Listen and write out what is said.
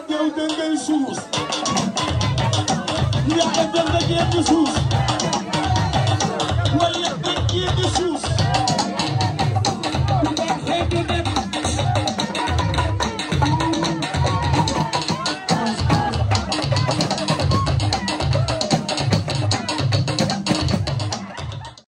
ak yow da ngay suus yaa ngi dem da ngeen di suus